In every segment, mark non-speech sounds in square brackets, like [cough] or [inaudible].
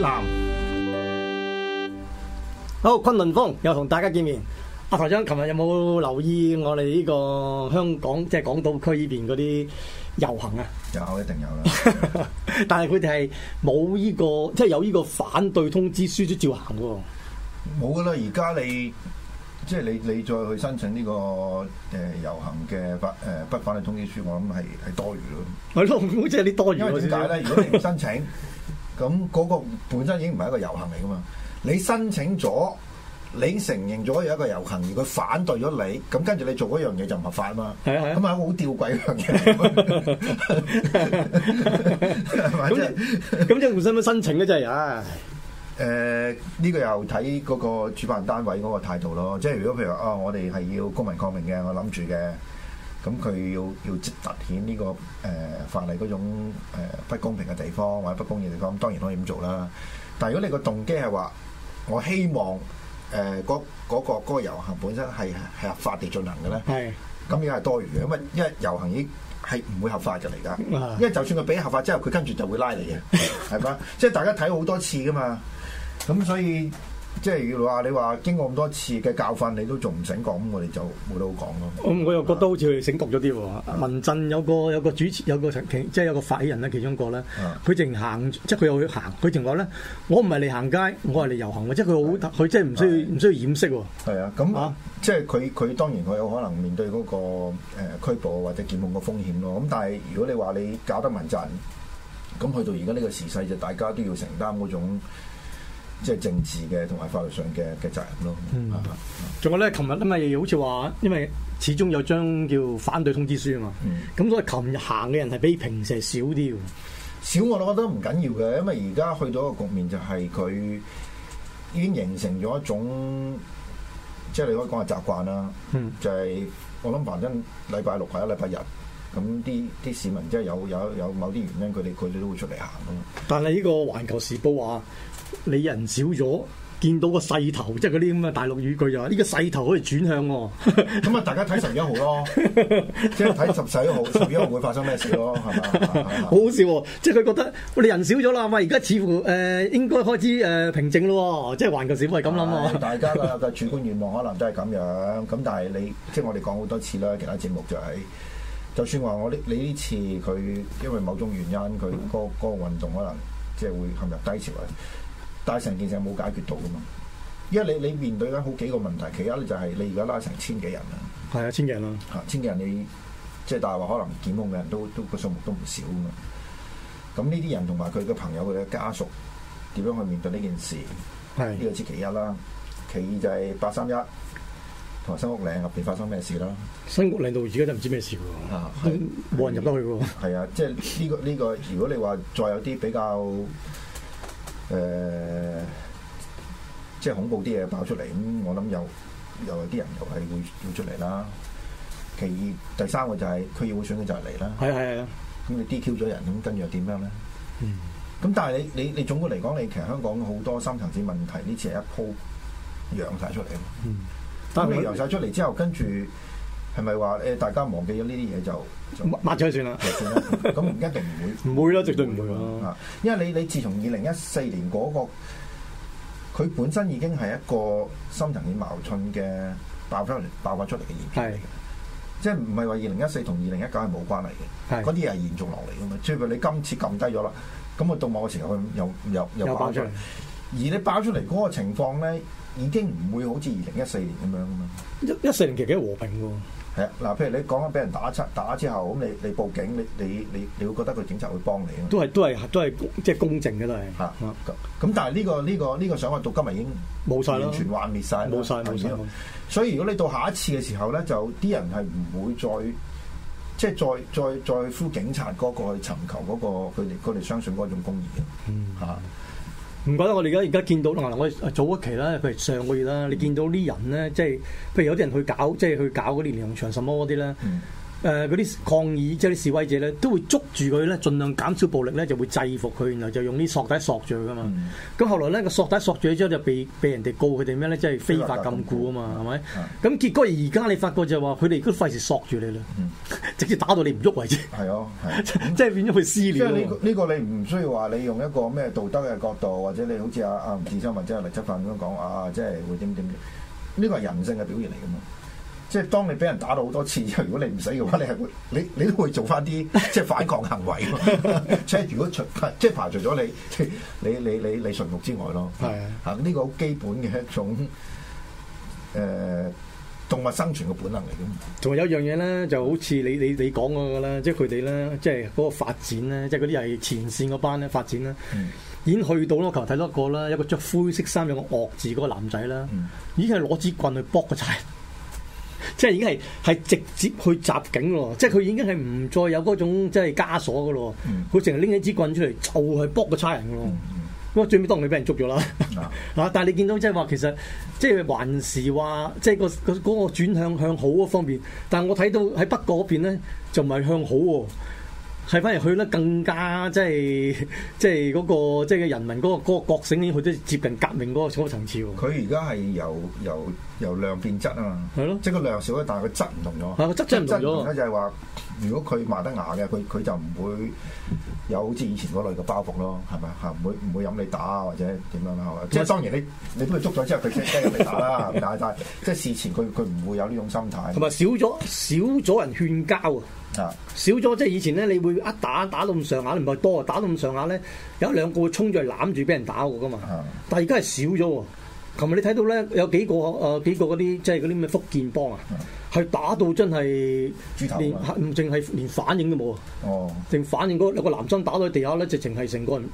南好，崑崙風又同大家見面。阿台長，琴日有冇留意我哋呢個香港即係港島區呢邊嗰啲遊行啊？有一定有啦， [laughs] 但係佢哋係冇呢個，即係有呢個反對通知書都照行喎。冇噶啦，而家你即係你你再去申請呢個誒遊行嘅反誒不反對通知書，我諗係係多餘咯。我諗即係你多餘，因為點解咧？ [laughs] 如果你唔申請？ [laughs] 咁嗰個本身已經唔係一個遊行嚟噶嘛？你申請咗，你承認咗有一個遊行，而佢反對咗你，咁跟住你做嗰樣嘢就唔合法吖嘛？係嘅啊，咁咪好吊詭樣嘅。咁咁即係唔使唔申請嘅啫呀？誒，呢個又睇嗰個主辦單位嗰個態度咯。即係如果譬如話啊、哦，我哋係要公民抗命嘅，我諗住嘅。咁佢、嗯、要要突顯呢、這個誒、呃、法例嗰種、呃、不公平嘅地方或者不公義嘅地方，當然可以咁做啦。但係如果你個動機係話我希望誒嗰嗰個嗰個遊行本身係係合法地進行嘅咧，咁依家係多餘嘅，因為因為遊行已係唔會合法嘅嚟噶。的因為就算佢俾合法之後，佢跟住就會拉你嘅，係 [laughs] 嘛？即係大家睇好多次噶嘛，咁所以。即係話你話經過咁多次嘅教訓，你都仲唔醒覺咁，我哋就冇得好講咯。咁我、嗯、吧又覺得好似佢醒覺咗啲喎。啊、民陣有個有個主持有個即係有個發起人咧，其中一個咧，佢淨行即係佢又去行，佢淨講咧，我唔係嚟行街，我係嚟遊行，即係佢好佢即係唔需要唔的需要掩飾喎。係啊，咁、嗯、啊，即係佢佢當然佢有可能面對嗰個誒拘捕或者檢控嘅風險咯。咁但係如果你話你搞得民陣，咁去到而家呢個時勢就大家都要承擔嗰種。即係政治嘅，同埋法律上嘅嘅責任咯。仲、嗯嗯、有咧，琴日因為好似話，因為始終有張叫反對通知書啊嘛。咁、嗯、所以琴日行嘅人係比平時少啲，少、嗯、我都覺得唔緊要嘅，因為而家去到一個局面，就係佢已經形成咗一種，即係你可以講下習慣啦。嗯、就係我諗，反正禮拜六或者禮拜日，咁啲啲市民即係有有有，有某啲原因，佢哋佢哋都會出嚟行咯。嗯、但係呢個《環球時報》啊話。你人少咗，見到個勢頭，即係嗰啲咁嘅大陸語句又話呢個勢頭可以轉向、哦，咁啊、嗯嗯，大家睇十一號咯，即係睇十十一號，十一號會發生咩事咯，係嘛？ [laughs] 好好笑、哦就是呃呃，即係佢覺得我哋人少咗啦，係咪？而家似乎誒，應該開始誒平靜咯，即係環球社會，係咁諗啊。大家嘅 [laughs] 主觀願望可能都係咁樣，咁但係你即係我哋講好多次啦，其他節目就係、是，就算話我呢，你呢次佢因為某種原因，佢嗰嗰個運動可能即係會陷入低潮啊。但係成件事冇解決到噶嘛？因為你你面對緊好幾個問題，其一咧就係你而家拉成千幾人啦，係、yeah，啊，啊，千幾人啦，嚇，千幾人你即係、就是、大話可能檢控嘅人都都個數目都唔少噶嘛。咁呢啲人同埋佢嘅朋友佢嘅家屬點樣去面對呢件事？係呢個即其一啦。其二就係八三一同埋新屋嶺入邊發生咩事啦、啊？新屋嶺到而家、啊啊、都唔知咩事喎，冇人入得去喎。係啊、嗯，即係呢個呢個，如果你話再有啲比較。誒、呃，即係恐怖啲嘢爆出嚟，咁、嗯、我諗又又有啲人又係會會出嚟啦。其二，第三個就係區議會選嘅就嚟啦。係啊係啊，咁你 DQ 咗人，咁跟住又點樣咧？嗯，咁但係你你你總括嚟講，你其實香港好多深層次問題呢次係一鋪揚晒出嚟啊嘛。嗯，但係你揚晒出嚟之後，跟住。係咪話誒？是是大家忘記咗呢啲嘢就，就抹抹咗算啦，咁一定唔會，唔會啦，絕對唔會啦。因為你你自從二零一四年嗰、那個，佢本身已經係一個深層嘅矛盾嘅爆，爆，爆出嚟、爆發出嚟嘅事件嚟嘅，即係唔係話二零一四同二零一九係冇關係嘅？係嗰啲係延續落嚟㗎嘛。即係你今次撳低咗啦，咁啊到某個時候佢又又又爆，爆出嚟。而你爆出嚟嗰個情況咧，已經唔會好似二零一,一四年咁樣㗎嘛。一一四年其實幾和平喎。嗱，譬如你講啊，俾人打打之後，咁你你報警，你你你你會覺得個警察會幫你嘅，都係都係都係即係公正嘅啦，係、啊。嚇、嗯。咁但係呢個呢個呢個想法到今日已經冇曬，完全幻滅晒，冇晒冇曬。的了所以如果你到下一次嘅時候咧，就啲人係唔會再即係再再再呼警察嗰個去尋求嗰個佢哋佢哋相信嗰種公義嘅。嗯。啊唔怪得我哋而家而家見到嗱，我哋早一期啦，譬如上個月啦，你見到啲人咧，即係譬如有啲人去搞，即係去搞嗰啲連儂牆什麼嗰啲咧。嗯誒嗰啲抗議即係示威者咧，都會捉住佢咧，盡量減少暴力咧，就會制服佢，然後就用啲索帶索住佢噶嘛。咁、嗯、後來咧，個索帶索住之後就被被人哋告佢哋咩咧，即、就、係、是、非法禁錮啊嘛，係咪？咁結果而家你發覺就話，佢哋都費事索住你啦，直接打到你唔喐為止。係咯，即係變咗佢私了。即呢呢個你唔需要話你用一個咩道德嘅角度，或者你好似阿阿吳志森或者阿黎則奮咁樣講啊,啊，即係會點點點？呢個係人性嘅表現嚟㗎嘛。即係當你俾人打到好多次之後，如果你唔死嘅話，你係會你你都會做翻啲即係反抗行為。 [laughs] [laughs] 即係如果除即係排除咗你，即係你你你你馴服之外咯，係啊，嚇呢個好基本嘅一種誒、呃、動物生存嘅本能嚟嘅。仲有一樣嘢咧，就好似你你你講嗰個啦，即係佢哋咧，即係嗰個發展咧，即係嗰啲係前線嗰班咧發展啦，嗯、已經去到咯。我琴日睇到一個啦，一個着灰色衫有個惡字嗰個男仔啦，已經係攞支棍去卜個仔。即係已經係係直接去襲警咯，即係佢已經係唔再有嗰種即係枷鎖嘅咯。佢淨係拎起支棍出嚟就去、是、搏個差、嗯嗯、人咯。咁啊最尾當你俾人捉咗啦。嚇！但係你見到即係話其實即係還是話即係、嗰個個嗰、嗰個轉向向好嗰方面，但係我睇到喺北角嗰邊咧就唔係向好喎、哦。係反而去得更加即係即係嗰、嗰個即係人民嗰個嗰個覺醒，已經去得接近革命嗰個層層次喎。佢而家係由由由量變質啊嘛，係咯，即係個量少咗，但係佢質唔同咗。係個、啊、質真唔同咗。而家就係話，如果佢賣得牙嘅，佢佢就唔會有好似以前嗰類嘅包袱咯，係咪嚇？唔會唔會飲你打或者點樣啦，係嘛因為？即係當然你你幫佢捉咗之後，佢飲你打啦， [laughs] 但係但係即係事前佢佢唔會有呢種心態。同埋少咗少咗人勸交啊！少咗即係以前咧，你會一打打到咁上下，唔係多，打到咁上下咧，有一兩個會衝出去攬住俾人打嘅嘛。但係而家係少咗喎。琴日你睇到咧，有幾個誒、呃、幾個嗰啲即係嗰啲咩福建幫啊，係、嗯、打到真係連唔淨係連反應都冇啊！哦，淨反應個有個男生打到地下咧，直情係成個人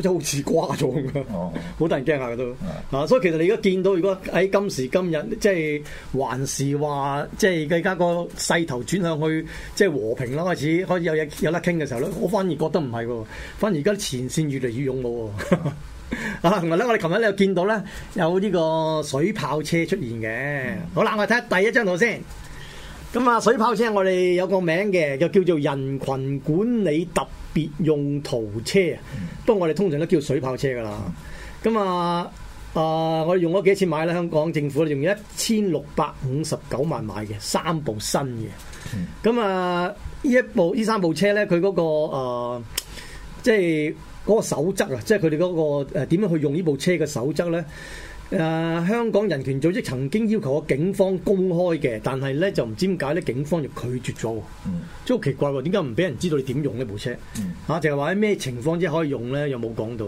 即好似瓜咗咁啊！哦，好多人驚下㗎都、嗯、啊！所以其實你而家見到如果喺今時今日，即係還是話即係而家個勢頭轉向去即係和平啦，開始開始有嘢有得傾嘅時候咧，我反而覺得唔係喎，反而而家前線越嚟越勇武喎。 [laughs] [laughs] 啊，同埋咧，我哋琴日咧又見到咧有呢個水炮車出現嘅， [music] 好啦，我哋睇下第一張圖先。咁啊，水炮車我哋有個名嘅，就叫做人群管理特別用途車， [music] 不過我哋通常都叫水炮車噶啦。咁啊，誒、 [music] 呃，我哋用咗幾錢買咧？香港政府咧用一千六百五十九萬買嘅，三部新嘅。咁啊，呢一部呢三部車咧，佢嗰、嗰個誒、呃，即係。嗰個守則啊，即係佢哋嗰個誒點、呃、樣去用呢部車嘅守則咧？誒、呃，香港人權組織曾經要求過警方公開嘅，但係咧就唔知點解咧，警方就拒絕咗，真好、嗯、奇怪喎！點解唔俾人知道你點用呢部車？啊，定係話喺咩情況先可以用咧？又冇講到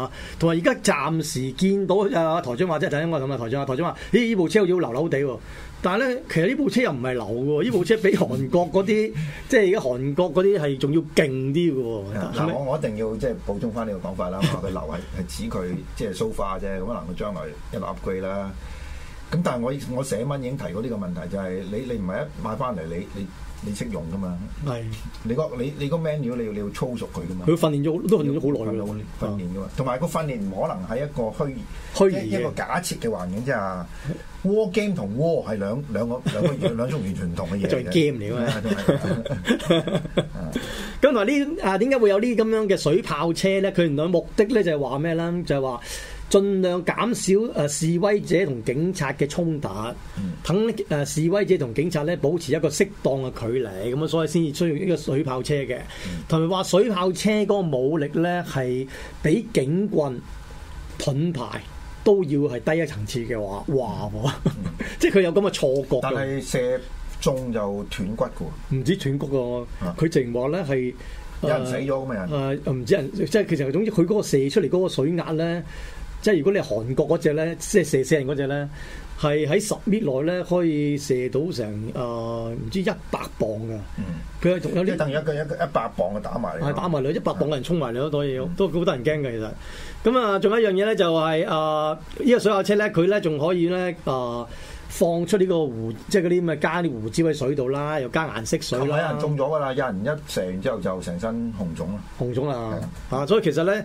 啊！同埋而家暫時見到啊，台長話即係等我諗下，台長，台長話：咦、哎，呢部車好似要流流地喎。但係咧，其實呢部車又唔係流嘅，呢部車比韓國嗰啲， [laughs] 即係而家韓國嗰啲係仲要勁啲嘅。嗱，我我一定要即係補充翻呢個講法啦。我話佢流係係指佢即係 so far 啫，咁可能佢將來一路 upgrade 啦。咁但係我我寫文已經提過呢個問題就，就係你你唔係一買翻嚟，你你。你識用噶嘛？係你個你你個 manual 你要你要操熟佢噶嘛？佢訓練咗好都訓練咗好耐啦。訓練噶嘛，同埋個訓練唔可能係一個虛虛擬一個假設嘅環境即係。War game 同 war 係兩兩個 [laughs] 兩個兩種完全唔同嘅嘢嚟嘅。做 game 嚟㗎嘛？咁同埋呢啊，點解會有呢咁樣嘅水炮車咧？佢原來目的咧就係話咩啦？就係話，儘量減少誒示威者同警察嘅衝突，等誒示威者同警察咧保持一個適當嘅距離，咁啊，所以先至需要呢個水炮車嘅。同埋話水炮車嗰個武力咧係比警棍、盾牌都要係低一層次嘅話話、嗯、 [laughs] 即係佢有咁嘅錯覺。但係射中就斷骨㗎喎，唔止斷骨喎，佢淨話咧係有人死咗咁啊！誒唔、呃、知人即係其實總之佢嗰個射出嚟嗰個水壓咧。即係如果你係韓國嗰隻咧，即係射死人嗰隻咧，係喺十米內咧可以射到成誒唔知一百磅嘅。佢係仲有啲等一個一一百磅嘅打埋嚟。係打埋嚟，一百磅嘅人衝埋嚟都可以，都好多人驚嘅其實。咁啊，仲有一樣嘢咧，就係誒呢個水下車咧，佢咧仲可以咧誒放出呢個胡，即係嗰啲咁嘅加啲胡椒喺水度啦，又加顏色水。有人中咗㗎啦，有人一射完之後就成身紅腫啦。紅腫啊！啊，所以其實咧。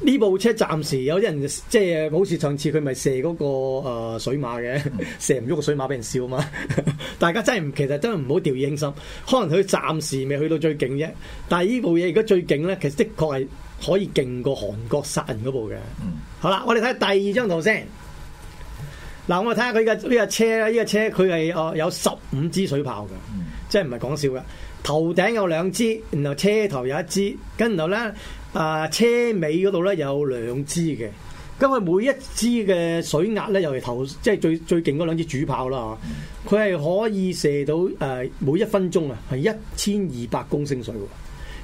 呢部車暫時有啲人即係好似上次佢咪射嗰、那個誒、呃、水馬嘅， [laughs] 射唔喐個水馬俾人笑嘛？ [laughs] 大家真係唔其實真係唔好掉以輕心，可能佢暫時未去到最勁啫。但係呢部嘢而家最勁咧，其實的確係可以勁過韓國殺人嗰部嘅。嗯、好啦，我哋睇下第二張圖先。嗱，我哋睇下佢嘅呢架車咧，呢、這、架、個、車佢係哦有十五支水炮嘅，即係唔係講笑噶。頭頂有兩支，然後車頭有一支，跟然後咧，啊車尾嗰度咧有兩支嘅，咁佢每一支嘅水壓咧，尤其頭即係最最勁嗰兩支主炮啦，佢係可以射到誒、呃、每一分鐘啊係一千二百公升水，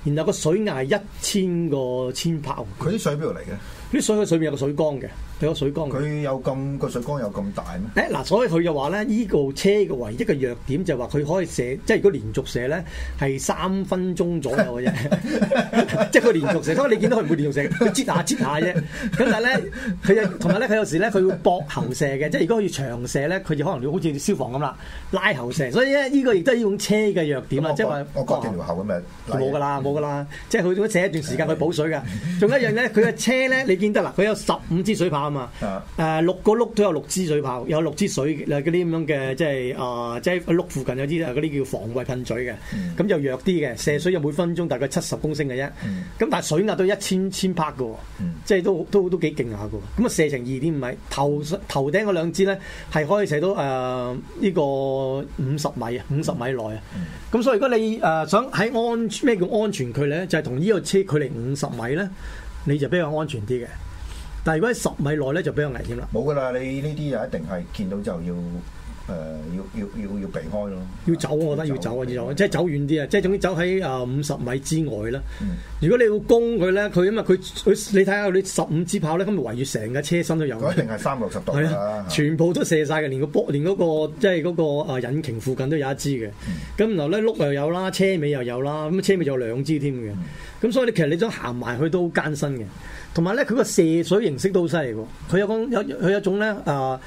然後個水壓一千個千炮。佢啲水邊度嚟嘅？啲水嘅水面有個水缸嘅，有個水缸。佢有咁個水缸有咁大咩？誒嗱、欸啊，所以佢就話咧，呢、這個車嘅唯一嘅弱點就係話佢可以射，即係如果連續射咧，係三分鐘左右嘅啫。即係佢連續射，所以不過你見到佢唔會連續射，佢擠下擠下啫。咁但係咧，佢就同埋咧，佢有時咧，佢會搏喉射嘅，即係如果要長射咧，佢就可能好似消防咁啦，拉喉射。所以咧，呢、這個亦都係呢種車嘅弱點啦。即係我割咗條喉咁啊！冇㗎啦，冇㗎啦。即係佢如果射一段時間，去補水㗎。仲有一樣咧，佢嘅車咧，你。見得啦，佢有十五支水炮啊嘛，誒、啊呃、六個轆都有六支水炮，有六支水嗰啲咁樣嘅、就是呃，即係啊，即係轆附近有啲嗰啲叫防衛噴嘴嘅，咁就、嗯、弱啲嘅，射水有每分鐘大概七十公升嘅啫，咁、嗯、但係水壓都一千千帕嘅喎，嗯、即係都都都，都幾勁下嘅，咁啊射程二點五米，頭頭頂嗰兩支咧係可以射到誒呢、呃、這個五十米啊，五十米內啊，咁、嗯、所以如果你誒、呃、想喺安咩叫安全距離咧，就係同呢個車距離五十米咧。你就比較安全啲嘅，但係如果喺十米內咧，就比較危險啦。冇㗎啦，你呢啲就一定係見到就要。誒，要要要要避開咯，要走我覺得要走啊，要走，即係走遠啲啊，即係總之走喺啊五十米之外啦。嗯、如果你要攻佢咧，佢因為佢佢你睇下你十五支炮咧，咁圍住成架車身都有，一定係三六十度噶，啊、全部都射晒嘅，連、那個波，連嗰、那個即係、就是、個啊引擎附近都有一支嘅。咁、嗯、然後咧碌又有啦，車尾又有啦，咁車尾有兩支添嘅。咁、嗯、所以咧，其實你想行埋去都好艱辛嘅。同埋咧，佢個射水形式都好犀利嘅，佢有公有佢有種咧啊。啊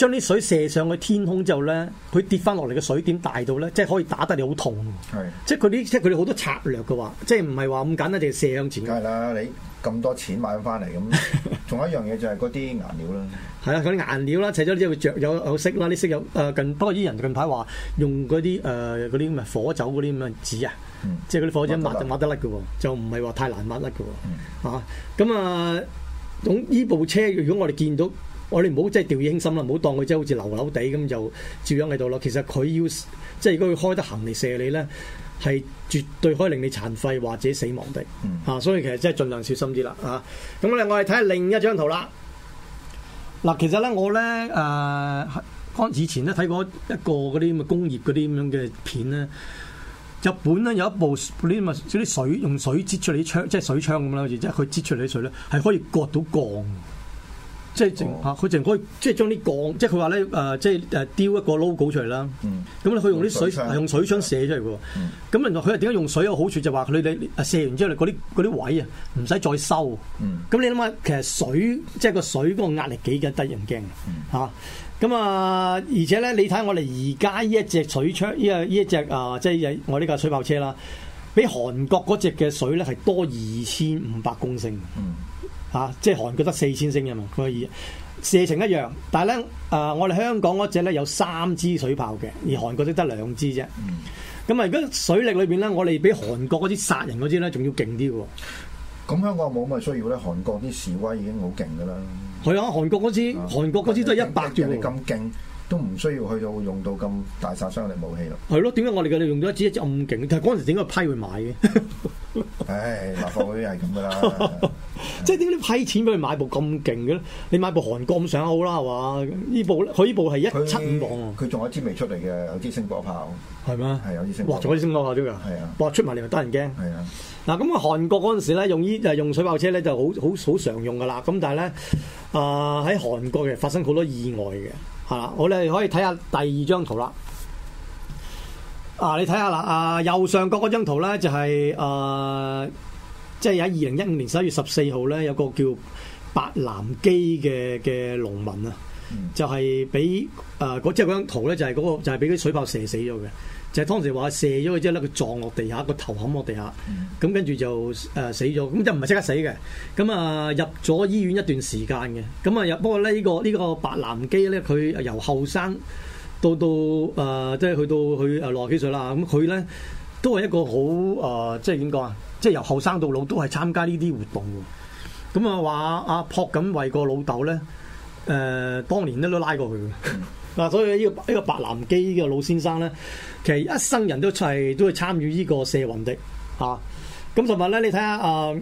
將啲水射上去天空之後咧，佢跌翻落嚟嘅水點大到咧，即、就、係、是、可以打得你好痛。係，一即係佢啲即係佢哋好多策略嘅話，即係唔係話咁簡單就射向前。梗係啦，你咁多錢買翻嚟咁，仲有一 [coughs] 樣嘢就係嗰啲顏料啦。係啦， [laughs] 嗰 [noise] 啲、 [noise] [noise] [noise] [noise] 啊、顏料啦，除咗呢啲著有有色啦，啲色有誒近。不過啲人近排話用嗰啲誒嗰啲咁嘅火酒嗰啲咁樣紙、嗯、 [noise] 啊，即係嗰啲火酒抹就抹得甩㗎喎，就唔係話太難抹甩㗎喎。咁啊，咁、啊、呢、呃、部車如果我哋見到。我哋唔好即係掉以輕心啦，唔好當佢即係好似流流地咁，就照樣喺度咯。其實佢要即係如果佢開得行嚟射你咧，係絕對可以令你殘廢或者死亡的。嗯、啊，所以其實真係盡量小心啲啦。啊，咁咧我哋睇下另一張圖啦。嗱，其實咧我咧誒、呃，以前咧睇過一個嗰啲咁嘅工業嗰啲咁樣嘅片咧，日本咧有一部嗰啲啲水用水，用水擠出嚟啲槍，即係水槍咁啦，然之後佢擠出嚟啲水咧係可以割到鋼。即係淨佢淨可以即係將啲鋼，即係佢話咧誒，即係誒雕一個 logo 出嚟啦。咁佢、嗯、用啲水，用水槍射出嚟喎。咁原來佢點解用水有好處？就話佢哋誒射完之後，嗰啲嗰啲位啊，唔使再收。咁、嗯、你諗下，其實水即係個水嗰個壓力幾嘅得人驚？咁啊，而且咧，你睇我哋而家呢一隻水槍，呢啊呢一隻啊，即係我呢架水炮車啦，比韓國嗰隻嘅水咧係多二千五百公升。嗯。嚇、啊，即係韓國得四千升啊嘛，所以射程一樣，但係咧，誒、呃，我哋香港嗰隻咧有三支水炮嘅，而韓國只得兩支啫。嗯。咁啊，如果水力裏邊咧，我哋比韓國嗰支殺人嗰支咧，仲要勁啲喎。咁香港冇咩需要咧？韓國啲示威已經好勁㗎啦。係啊，韓國嗰支，韓國嗰支都係一百咁勁。都唔需要去到用到咁大殺傷力武器咯。係咯，點 [noise] 解樂我哋用咗一支咁勁？但係嗰陣時整個批去買嘅。唉、 [laughs] [laughs] 哎，立法會係咁噶啦。即係點解批錢俾佢買部咁勁嘅咧？你買部韓國咁上好啦，係嘛？呢部佢呢部係一七五磅。佢仲有一支未出嚟嘅，有支星火炮。係咩？係有支星火。哇！仲有支星火炮添㗎？係啊。哇！出埋嚟咪得人驚。係啊呀。嗱咁啊，韓國嗰陣時咧，用呢就用水炮車咧就好好好常用㗎啦。咁但係咧啊，喺、呃、韓國嘅發生好多意外嘅。啊，好啦，我哋可以睇下第二張圖啦。啊，你睇下啦，啊，右上角嗰張圖咧，就係、係、啊，即係喺二零一五年十一月十四號咧，有個叫白蘭基嘅嘅農民啊。就係俾誒嗰即係嗰張圖咧，那個，就係嗰個就係俾啲水炮射死咗嘅。就係、是、當時話射咗佢之後咧，佢撞落地下，個頭冚落地下。咁跟住就誒、呃、死咗。咁就唔係即刻死嘅。咁啊入咗醫院一段時間嘅。咁、嗯、啊不過咧呢、這個呢、這個白南基咧，佢由後生到到誒、呃就是嗯嗯呃，即係去到佢誒六幾歲啦。咁佢咧都係一個好誒，即係點講啊？即係由後生到老都係參加呢啲活動嘅。咁、嗯、啊話阿、啊、朴槿惠個老豆咧。誒、呃，當年都都拉過去嘅，嗱，所以呢、呢個依、呢個白南基呢個老先生咧，其實一生人都係都係參與呢個社運的嚇。咁同埋咧，你睇下啊，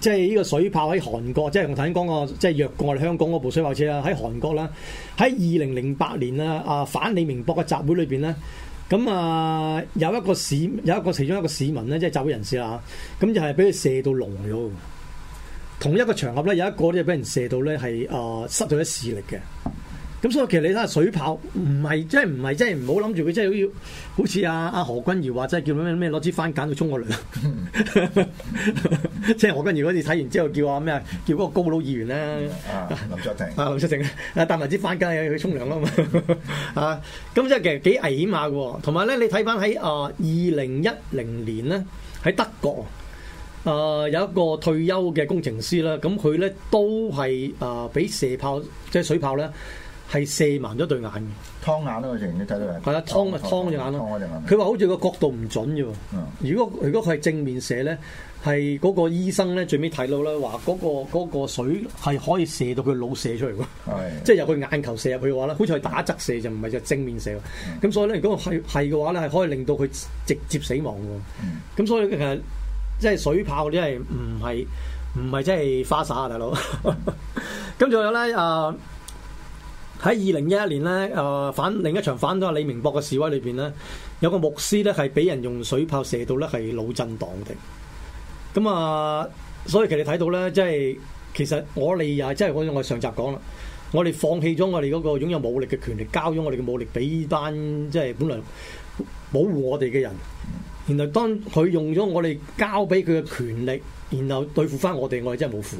即係呢個水炮喺韓國，即係我頭先講過，即係弱過我哋香港嗰部水炮車啦。喺韓國啦，喺二零零八年啊，啊反李明博嘅集會裏邊咧，咁啊有一個市有一個其中一個市民咧，即係集會人士啦，咁、啊、就係俾佢射到聾咗。同一個場合咧，有一個咧就俾人射到咧係啊，失咗視力嘅。咁所以其實你睇下水炮唔係即係唔係即係唔好諗住佢真係要好似阿阿何君堯話，即係叫咩咩攞支番梘去沖個涼。即係 [laughs] [laughs] 何君堯嗰次睇完之後，叫啊咩啊，叫嗰個高佬議員咧、啊啊，林卓廷，啊林卓廷，啊但係攞支番梘去去沖涼啦嘛。啊，咁即係其實幾危險下嘅。同埋咧，你睇翻喺啊二零一零年咧喺德國。啊，有一個退休嘅工程師啦，咁佢咧都係啊，俾射炮即係水炮咧，係射盲咗對眼嘅，劏眼咯，我成日都睇到係啊，劏啊劏隻眼咯，佢話好似個角度唔準嘅，如果如果佢係正面射咧，係嗰個醫生咧最尾睇到咧話嗰個個水係可以射到佢腦射出嚟嘅，即係由佢眼球射入去嘅話咧，好似係打側射就唔係就正面射，咁所以咧如果係係嘅話咧係可以令到佢直接死亡嘅，咁所以誒。即係水炮啲係唔係唔係真係花灑啊，大佬！咁 [laughs] 仲有咧誒喺二零一一年咧誒、呃、反另一場反對李明博嘅示威裏邊咧，有個牧師咧係俾人用水炮射到咧係腦震盪嘅。咁啊、呃，所以其實睇到咧，即係其實我哋又係即係我哋上集講啦，我哋放棄咗我哋嗰個擁有武力嘅權力，交咗我哋嘅武力俾班即係本來保護我哋嘅人。原來當佢用咗我哋交俾佢嘅權力，然後對付翻我哋，我哋真係冇負嚇。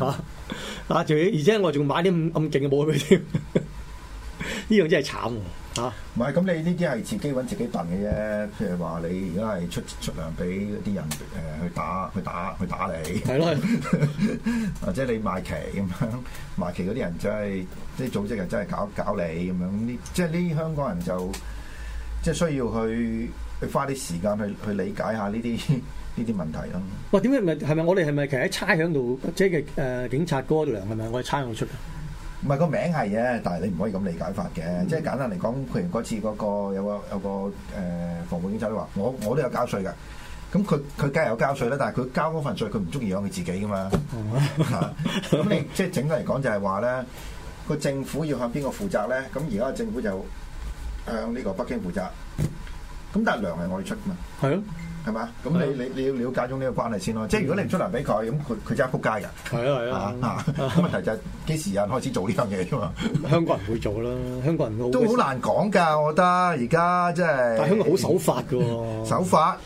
嗯、啊！而且我仲買啲咁咁勁嘅武器添，呢樣、嗯、真係慘嚇。唔係咁，你呢啲係自己揾自己笨嘅啫。譬如話你而家係出出糧俾啲人誒、呃、去打去打去打你，係咯的， [laughs] [laughs] 或者你賣旗咁樣賣旗嗰啲人真係即係組織人真係搞搞你咁樣。呢即係呢香港人就即係、就是、需要去去花啲時間去去理解下呢啲呢啲問題咯。喂，點解唔係係咪我哋係咪其實喺差喺度即係誒警察嗰度啊？係咪我哋差佢出？唔係個名係嘅，但係你唔可以咁理解法嘅。即係簡單嚟講，譬如嗰次嗰個有個有個誒防暴警察都話：我我都有交稅㗎。咁佢佢梗係有交稅啦，但係佢交嗰份稅，佢唔中意養佢自己㗎嘛。咁你即係整體嚟講，就係話咧，個政府要向邊個負責咧？咁而家政府就向呢個北京負責。咁但係糧係我哋出㗎嘛？係啊？係嘛？咁你、啊、你你，你要瞭解中呢個關係先咯。即係如果你唔出糧俾佢，咁佢佢真係撲街嘅。係啊係啊。嚇、 [laughs] 啊！咁問題就係幾時有人開始做呢樣嘢啫嘛？香港人會做啦，香港人都都好難講㗎。我覺得而家即係，香港好守法嘅喎、啊。守 [laughs] 法，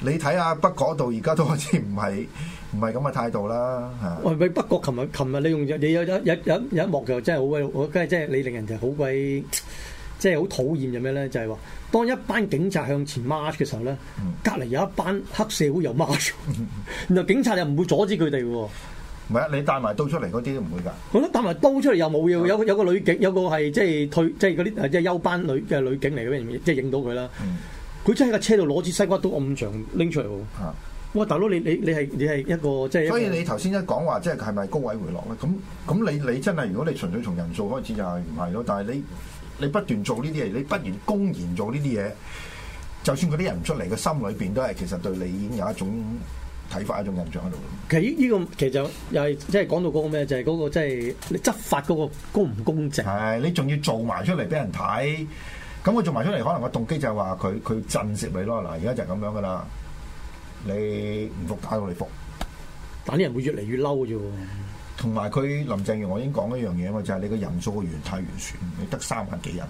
你睇下北角度而家都開始唔係唔係咁嘅態度啦。喂、啊，係咪北角？琴日琴日你用你有有有有一幕就真係好鬼，我真係真係你令人哋好鬼。 [laughs] 即係好討厭嘅咩咧？就係、是、話當一班警察向前 march 嘅時候咧，隔離、嗯、有一班黑社會又 march，然後警察又唔會阻止佢哋喎。唔係啊，你帶埋刀出嚟嗰啲都唔會㗎。我覺得帶埋刀出嚟又冇嘢有的有，有個女警，有個係即係退即係嗰啲即係休班女嘅女警嚟嘅，即係影到佢啦。佢、嗯、真係喺架車度攞支西瓜刀暗長拎出嚟喎。啊、哇，大佬你你你係你係一個即係。就是、所以你頭先一講話即係係咪高位回落咧？咁咁你你真係如果你純粹從人數開始就係唔係咯？但係你。你不斷做呢啲嘢，你不斷公然做呢啲嘢，就算嗰啲人唔出嚟，個心裏邊都係其實對你已經有一種睇法、一種印象喺度、這個。其實呢個其實又係即係講到嗰個咩，就係、是、嗰個即、就、係、是、你執法嗰個公唔公正。係，你仲要做埋出嚟俾人睇，咁佢做埋出嚟，可能個動機就係話佢佢要震懾你咯。嗱，而家就係咁樣噶啦，你唔服打到你服，但啲人會越嚟越嬲啫喎。同埋佢林鄭月娥我已經講一樣嘢嘛，就係你個人數嘅源太完全，你得三萬幾人，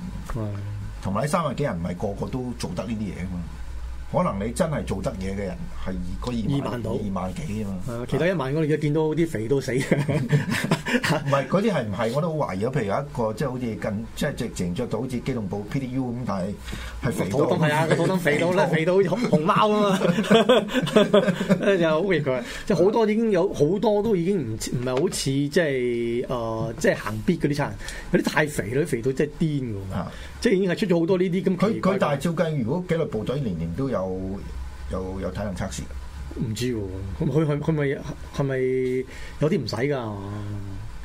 同埋呢三萬幾人唔係個個都做得呢啲嘢啊嘛。可能你真係做得嘢嘅人係二個二萬,萬二萬幾啊嘛！其他一萬我就， [laughs] 我哋見到啲肥到死唔係嗰啲係唔係？我都好懷疑，譬如有一個即係好似近即係直情着到好似機動部 PDU 咁，但係係肥到。係啊，普通肥到啦，肥到好似熊貓啊嘛！又好 [laughs] [laughs] 奇怪，即係好多已經有好多都已經唔唔係好似即係誒，即係行 beat 嗰啲差人，嗰啲太肥啦，肥到真係癲㗎嘛！ [laughs] [laughs] 即係已經係出咗好多呢啲咁奇怪，怪。佢佢但係照計，如果紀律部隊年年都有有有體能測試，啊，唔知喎。佢係佢咪係咪有啲唔使㗎？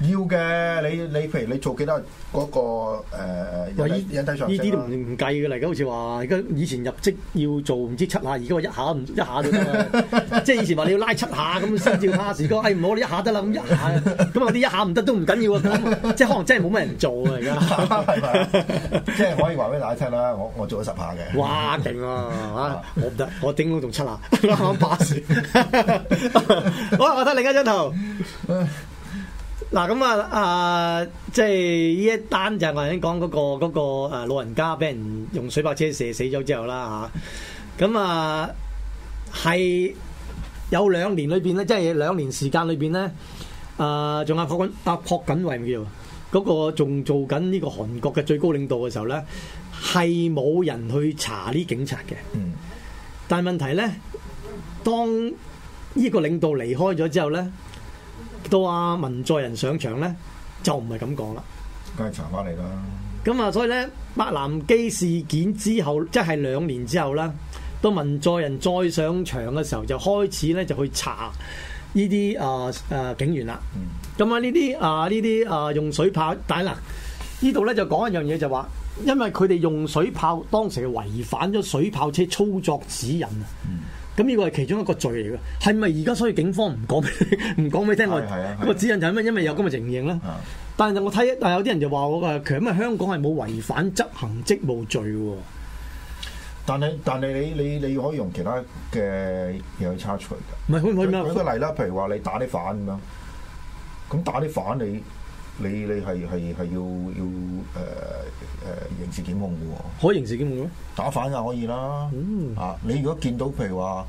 要嘅，你你譬如你做幾多嗰個誒？呃、引體、引體上呢啲都唔唔計嘅，而家好似話而家以前入職要做唔知七下，而家我一下唔一下都得嘛。 [laughs] 即係以前話你要拉七下咁先至拍時哥，誒唔好，我一下得啦，咁一下咁我啲一下唔得都唔緊要喎。即係可能真係冇乜人做啊，而家係即係可以話俾大家聽啦，我我做咗十下嘅。哇，勁啊！我唔得，我頂我仲七下，我攬把屎。好，我我睇另一張圖。嗱咁啊，誒、呃，即係依一單就係我頭先講嗰個嗰、那個、老人家俾人用水炮車射死咗之後啦嚇，咁啊係、嗯、有兩年裏邊咧，即係兩年時間裏邊咧，誒、呃、仲有朴緊啊朴槿惠喎，嗰、那個仲做緊呢個韓國嘅最高領導嘅時候咧，係冇人去查呢警察嘅，嗯，但係問題咧，當呢個領導離開咗之後咧。到阿文在寅上場咧，就唔係咁講啦。梗係查翻嚟啦。咁啊，所以咧，白南基事件之後，即係兩年之後啦，到文在寅再上場嘅時候，就開始咧就去查呢啲啊啊警員啦。咁啊呢啲啊呢啲啊用水炮，但係嗱，呢度咧就講一樣嘢，就話因為佢哋用水炮，當時違反咗水炮車操作指引啊。嗯咁呢個係其中一個罪嚟嘅，係咪而家所以警方唔講俾你唔講俾你聽我？咁個指引就係咩？因為有咁嘅情形咧。但係我睇，但係有啲人就話我噶，其實香港係冇違反執行職務罪喎。但係但係你你你可以用其他嘅嘢去查出嚟㗎。唔係，可唔可以？舉個例啦，譬如話你打啲反咁樣，咁打啲反你。你你係係係要要誒誒、呃呃、刑事檢控嘅喎？可以刑事檢控嘅，打反就可以啦。嗯、啊，你如果見到譬如話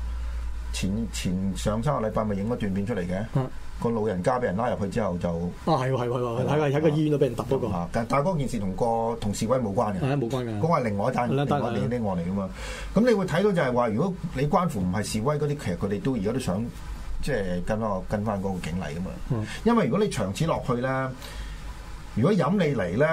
前前上三個禮拜咪影咗段片出嚟嘅，啊、個老人家俾人拉入去之後就啊，係喎係喺個喺醫院都俾人揼咗、嗰個。過、啊，但但嗰件事同個同示威冇關嘅，係冇、啊、關嘅。我係另外一單、啊、另外一、啊、另外一啲案嚟㗎嘛。咁、啊、你會睇到就係話，如果你關乎唔係示威嗰啲，其實佢哋都而家都，都想。即係跟翻跟翻嗰個警例啊嘛，因為如果你長此落去咧，如果飲你嚟咧，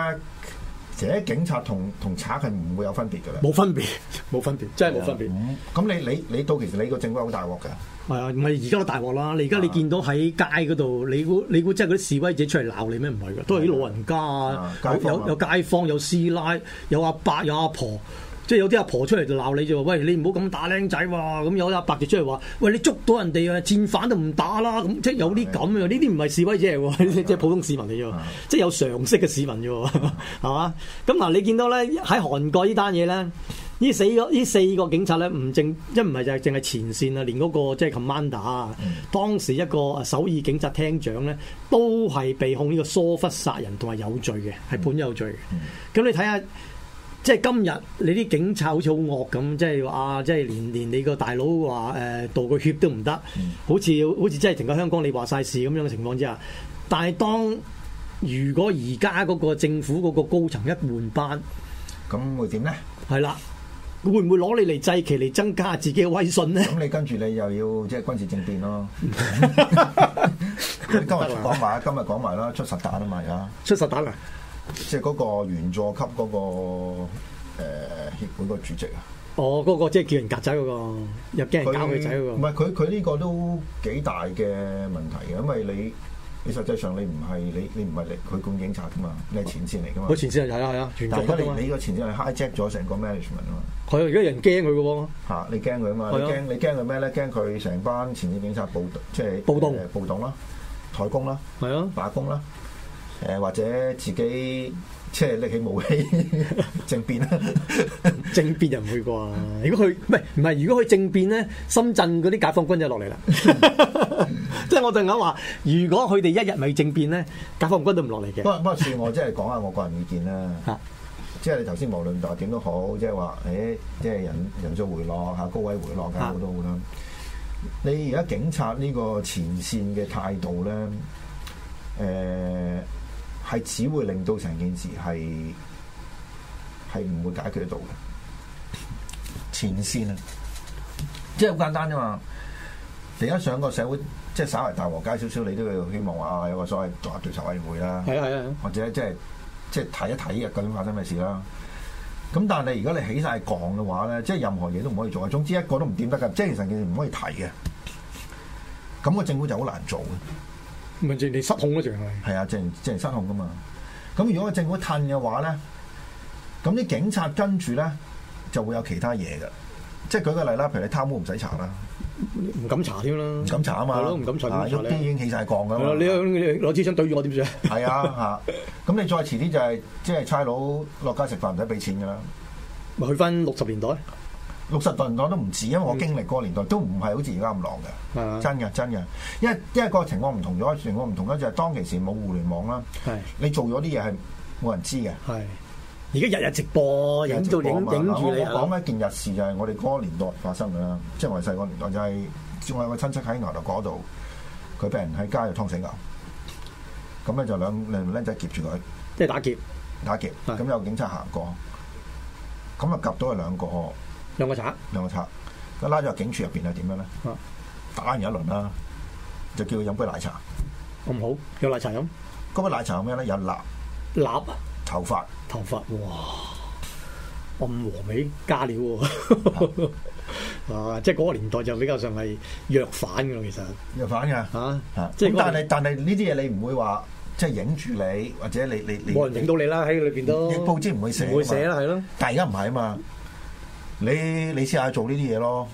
成警察同同賊係唔會有分別噶啦。冇分別，冇分別，即係冇分別。咁、嗯、你你你到其實你個政府好大鑊嘅。係啊，唔係而家個大鑊啦。你而家你見到喺街嗰度，你估你估即係嗰啲示威者出嚟鬧你咩？唔係噶，都係啲老人家啊，有街坊有，有街坊，嗎有師奶，有阿伯，有阿婆。即係有啲阿婆，婆出嚟就鬧你啫，喂，你唔好咁打僆仔哇！咁、嗯、有阿伯就出嚟話，喂，你捉到人哋啊，戰犯都唔打啦！咁即係有啲咁啊，呢啲唔係示威者喎，即係普通市民嚟啫，即係有常識嘅市民啫，係嘛？咁嗱，你見到咧喺韓國呢單嘢咧，呢四個呢四個警察咧，唔正一唔係就係淨係前線啊，連嗰個即係 commander，、嗯、當時一個啊首爾警察廳長咧，都係被控呢個疏忽殺人同埋有，有罪嘅，係判有罪嘅。咁、嗯嗯、你睇下。即係今日你啲警察好似好惡咁，即係話，即係連連你個大佬話誒道個歉都唔得，好似好似真係成個香港你話晒事咁樣嘅情況之下。但係當如果而家嗰個政府嗰個高層一換班，咁會點咧？係啦，會唔會攞你嚟祭旗嚟增加自己嘅威信咧？咁你跟住你又要即係軍事政變咯？今日講埋，今日講埋啦，出實彈啊嘛，而家，出實彈啊！即係嗰個員佐級嗰個誒，協會個主席啊？哦，嗰、那個即係叫人曱甴嗰、那個，又驚人搞女仔唔係，佢佢呢個都幾大嘅問題嘅，因為你你實際上你唔係你你唔係嚟，佢管警察噶、哦啊啊、嘛，你係前線嚟噶。佢前線係係啊，員佐級啊你你個前線係 hijack 咗成個 management 啊、哦、嘛。係啊，而家人驚佢噶喎。吓，你驚佢啊嘛？你驚你驚佢咩咧？驚佢成班前線警察暴即係、就是、暴動暴動啦，罷工啦，係啊，罷工啦。 [music] [music] 誒或者自己即係拎起武器政變啦，政變又唔會啩？如果佢唔係唔係，如果佢政變咧，深圳嗰啲解放軍就落嚟啦。即係我陣間話，如果佢哋一日未政變咧，解放軍都唔落嚟嘅。不不過，恕我即係講下我個人意見啦。 [laughs] 即係你頭先無論話點都好，即係話誒，即係人人數回落嚇，高位回落係好多好多。你而家警察呢個前線嘅態度咧，誒、呃呃？係只會令到成件事係係唔會解決得到嘅前線啊，即係好簡單啫嘛！而家上個社會即係稍為大和解少少，你都要希望話有個所謂獨立調查委員會啦，係啊係啊，或者即係即係睇一睇啊，究竟發生咩事啦。咁但係如果你起晒槓嘅話咧，即係任何嘢都唔可以做啊！總之一個都唔掂得噶，即係成件事唔可以提嘅。咁個政府就好難做嘅。咪係淨係失控咯，仲係係啊，淨係淨失控噶嘛。咁如果個政府褪嘅話咧，咁啲警察跟住咧就會有其他嘢噶。即係舉個例啦，譬如你貪污唔使查啦，唔敢查添啦，唔敢查啊嘛，係咯，唔敢查啊，一邊已經起晒降噶，你攞支槍對住我點算？係啊，嚇！咁你，啊啊、你再遲啲就係、是、即係差佬落街食飯唔使俾錢噶啦，咪去翻六十年代。六十代人代都唔似，因為我經歷個年代都唔係好似而家咁狼嘅是、啊，真嘅真嘅。因為因為個情況唔同咗，情況唔同咗就係、是、當其時冇互聯網啦。是啊、你做咗啲嘢係冇人知嘅。而家、啊、日日直播影到影影住你、啊我。我講一件日事就係我哋嗰個年代發生嘅啦，即、就、係、是、我係細個年代就係、是、我有個親戚喺牛頭角度，佢俾人喺街度劏死牛。咁咧就兩兩僆仔劫住佢，即係打劫，打劫。咁是、啊、有警察行過，咁啊夾到佢兩個。兩個賊，兩個賊，佢拉咗入警署入邊係點樣咧？打完一輪啦，就叫佢飲杯奶茶。咁、嗯、好，有奶茶飲。嗰杯奶茶有咩咧？有蠟蠟啊，蠟頭髮髮頭髮。哇，咁和味加料啊！即係嗰個年代就比較上係弱反噶咯，其實弱反噶吓、啊、嗯、即係但係但係呢啲嘢，你唔會話即係影住你，或者你你冇人影到你啦，喺裏邊都報紙唔會寫唔會寫啦，係咯的。但係而家唔係啊嘛。你你試下做呢啲嘢咯，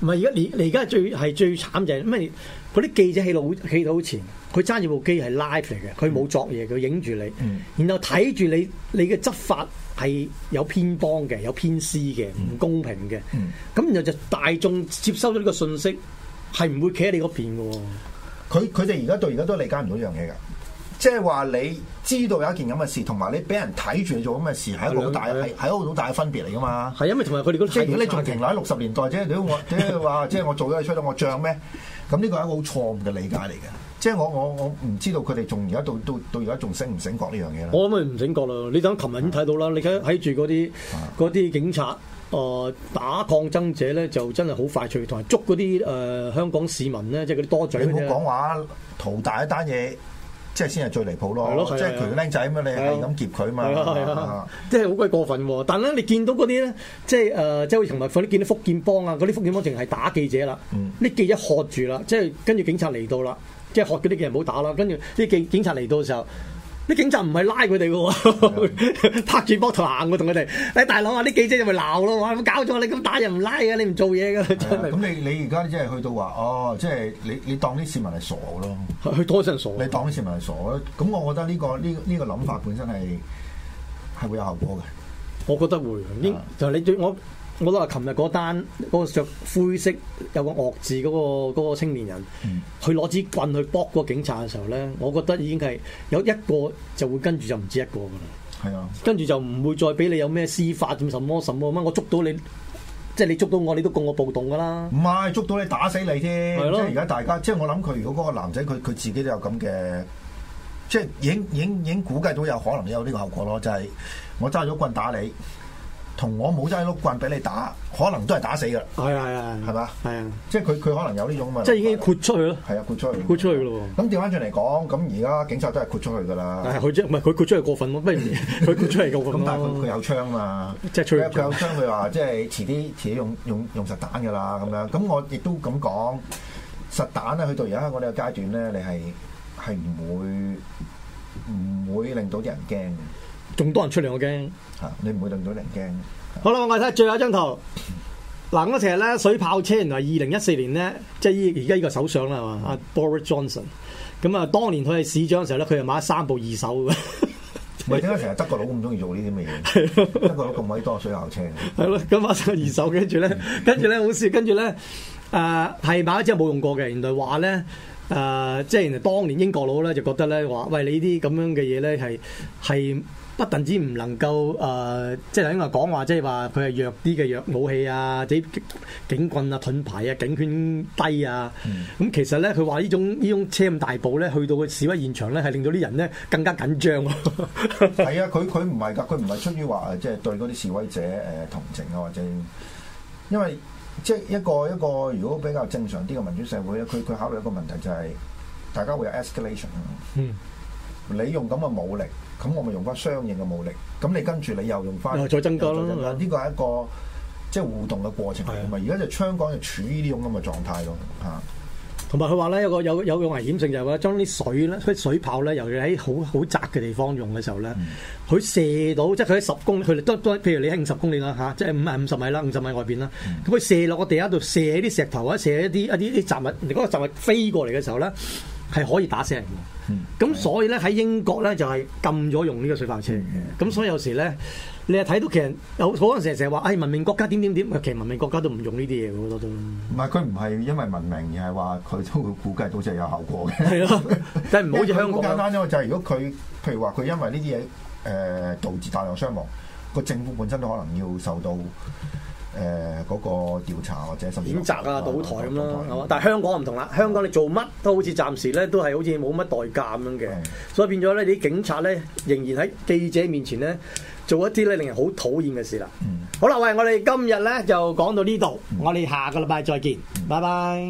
唔係而家你你而家最係最慘就係，因為嗰啲記者起到好起到好前，佢揸住部機係 live 嚟嘅，佢冇作嘢，佢影住你，嗯、然後睇住你，你嘅執法係有偏幫嘅，有偏私嘅，唔公平嘅。咁、嗯嗯、然後就大眾接收咗呢個信息，係唔會企喺你嗰邊喎、哦。佢佢哋而家到而家都理解唔到呢樣嘢㗎。即係話你知道有一件咁嘅事，同埋你俾人睇住你做咁嘅事，係一個好大嘅係，係一個好大嘅分別嚟噶嘛。係因為同埋佢哋嗰即係如果你仲停留喺六十年代，啫，或者如果我即係話即係我做咗嘅衰啦，我漲咩？咁呢個係一個好錯誤嘅理解嚟嘅。即係我我我唔知道佢哋仲而家到到到而家仲醒唔醒覺呢樣嘢我諗唔醒覺啦。你等琴日已經睇到啦，嗯、你睇睇住嗰啲啲警察啊、呃、打抗爭者咧，就真係好快脆，同埋捉嗰啲誒香港市民咧，即係嗰啲多嘴。你唔好講話淘大一單嘢。即係先係最離譜咯，即係佢個僆仔啊嘛，你係咁劫佢嘛，即係好鬼過分喎！但係咧，就是呃、你見到嗰啲咧，即係誒，即係好似同埋嗰啲見到福建幫啊，嗰啲福建幫淨係打記者啦，啲記者嚇住啦，即係跟住警察嚟到啦，即係嚇嗰啲記者唔好打啦，跟住啲記者警察嚟到嘅時候。啲警察唔係拉佢哋嘅喎，的 [laughs] 拍住膊頭行嘅同佢哋。你、哎、大佬啊，啲記者就咪鬧咯，話搞咗你咁打又唔拉嘅，你唔做嘢嘅。咁你你而家即係去到話，哦，即係你你當啲市民係傻咯，去多啲人傻。你當啲市民係傻，咁我覺得呢、呢個呢呢、呢個諗、呢個、法本身係係會有效果嘅。我覺得會，的就你最我。我都話，琴日嗰單嗰個着灰色有個惡字嗰個嗰個青年人，佢攞、嗯、支棍去搏個警察嘅時候咧，我覺得已經係有一個就會跟住就唔止一個噶啦。係啊，跟住就唔會再俾你有咩司法點什麼什麼乜，我捉到你，即係你捉到我，你都告我暴動噶啦。唔係，捉到你打死你添。係咯、啊。即係而家大家，即係我諗佢，如果嗰個男仔，佢佢自己都有咁嘅，即係已經已經已經估計到有可能有呢個後果咯，就係、是、我揸咗棍打你。同我冇齋碌棍俾你打，可能都係打死噶。係啊，係啊，係嘛吧？係啊，即係佢佢可能有呢種嘛。即係已經豁出去咯。係啊，豁出去。豁出去咯。咁調翻轉嚟講，咁而家警察都係豁出去噶啦。係佢即係唔係佢豁出去過分咯？咩？ [laughs] 佢豁出去過分咁 [laughs] 但係佢有槍嘛？即係佢有槍，佢話即係遲啲遲啲用用用實彈噶啦咁樣。咁我亦都咁講，實彈咧，去到而家我哋嘅階段咧，你係係唔會唔會令到啲人驚。仲多人出嚟，我驚。嚇，你唔會令到人驚。好啦，我哋睇下最後一張圖。嗱，咁啊，成日咧水炮車，原來二零一四年咧，即係而家呢個首相啦，係嘛？阿 Boris Johnson。咁啊，當年佢係市長嘅時候咧，佢又買咗三部二手。唔係，點解成日德國佬咁中意做呢啲咁嘅嘢？ [laughs] [laughs] 德國佬咁鬼多水炮車。係咯， [laughs] [laughs] 咁、 [noise] [noise] 呃、買曬二手，跟住咧，跟住咧，好似跟住咧，誒係買咗之後冇用過嘅。原來話咧，誒即係原來當年英國佬咧就覺得咧話，喂你呢啲咁樣嘅嘢咧係係。不但止唔能夠誒，即係頭先話講話，即係話佢係弱啲嘅弱武器啊，啲警棍啊、盾牌啊、警犬低啊，咁、嗯、其實咧，佢話呢種呢種車咁大部咧，去到個示威現場咧，係令到啲人咧更加緊張、嗯。係 [laughs] 啊，佢佢唔係㗎，佢唔係出於話即係對嗰啲示威者誒同情啊，或者因為即係一個一個，一個如果比較正常啲嘅民主社會咧，佢佢考慮一個問題就係、是，大家會有 escalation、嗯、你用咁嘅武力。咁我咪用翻相應嘅武力，咁你跟住你又用翻，再增加咯。呢個係一個即係、就是、互動嘅過程，係咪的？而家就香港就是、處於呢種咁嘅狀態咯。嚇，同埋佢話咧，有個有有個危險性就係話，將啲水咧，水炮咧，尤其喺好好窄嘅地方用嘅時候咧，佢、嗯、射到即係佢喺十公里，佢都都譬如你喺五十公里啦嚇，即係五五十米啦，五十米外邊啦，咁佢、嗯、射落個地下度，射啲石頭或者射一啲一啲啲雜物，你、那、嗰個雜物飛過嚟嘅時候咧，係可以打死人嘅。咁、嗯、所以咧喺英國咧就係、是、禁咗用呢個水炮車嘅，咁、嗯、所以有時咧你又睇到其實有好多人成日話，誒、哎、文明國家點點點，其實文明國家都唔用呢啲嘢好多都。唔係佢唔係因為文明而係話佢都會估計到真係有效果嘅。係咯的，即係唔好似香港咁簡單咯，就係如果佢譬如話佢因為呢啲嘢誒導致大量傷亡，個政府本身都可能要受到。誒嗰、呃那個調查或者甚至……譴責啊，倒台咁、啊、咯，係嘛、啊？啊啊、但係香港唔同啦，嗯、香港你做乜都好似暫時咧，都係好似冇乜代價咁樣嘅，嗯、所以變咗咧，啲警察咧仍然喺記者面前咧做一啲咧令人好討厭嘅事啦。嗯。好啦，喂！我哋今日咧就講到呢度，嗯、我哋下個禮拜再見，拜拜。